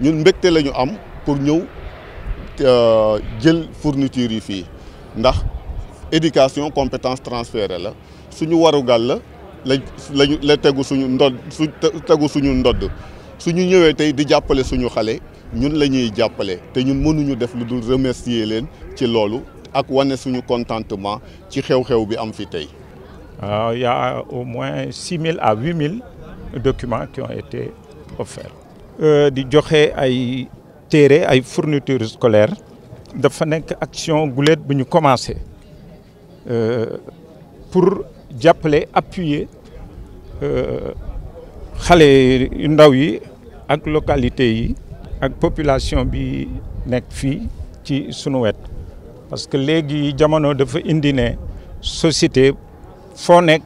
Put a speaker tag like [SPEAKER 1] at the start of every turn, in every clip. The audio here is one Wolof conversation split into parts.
[SPEAKER 1] ñun mbégte la ñu am pour ñëw euh, jël fourniture yi fii ndax éducation compétence transférée la suñu warugal la la lañu la tegu suñu ndodd su tegu suñu ñëwee tey di jàppale suñu xale ñun la ñuy jàppale te ñun mënuñu def lu dul remercier leen ci loolu ak wane suñu contentement ci xew-xew bi am fi
[SPEAKER 2] euh, Il y a au moins 6 000 à 8 000 documents qui ont été offerts. Euh, di joxé ay téré ay fournitures scolaires dafa nek action gulet buñu commencé euh pour appuyer euh, les yu ndaw yi ak localité yi ak population bi nek fi ci sunu parce que les jamono dafa indi ne société fo nek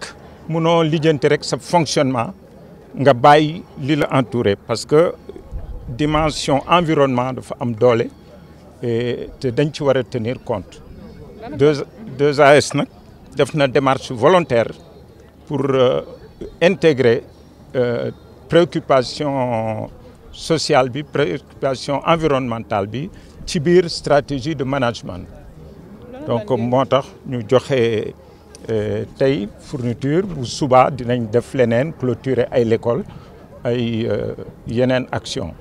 [SPEAKER 2] munoo lijjanti rek sa fonctionnement nga bàyyi li parce que dimension environnement dafa am doole et dañ ci tenir compte. deux as nak def na démarche volontaire pour euh, intégrer euh, préoccupation sociale bi préoccupation environnementale bi ci stratégie de management. Euh, donc moo tax ñu joxe euh, tey fourniture bu subaa dinañ def leneen clôturer ay l'école ay euh, yeneen action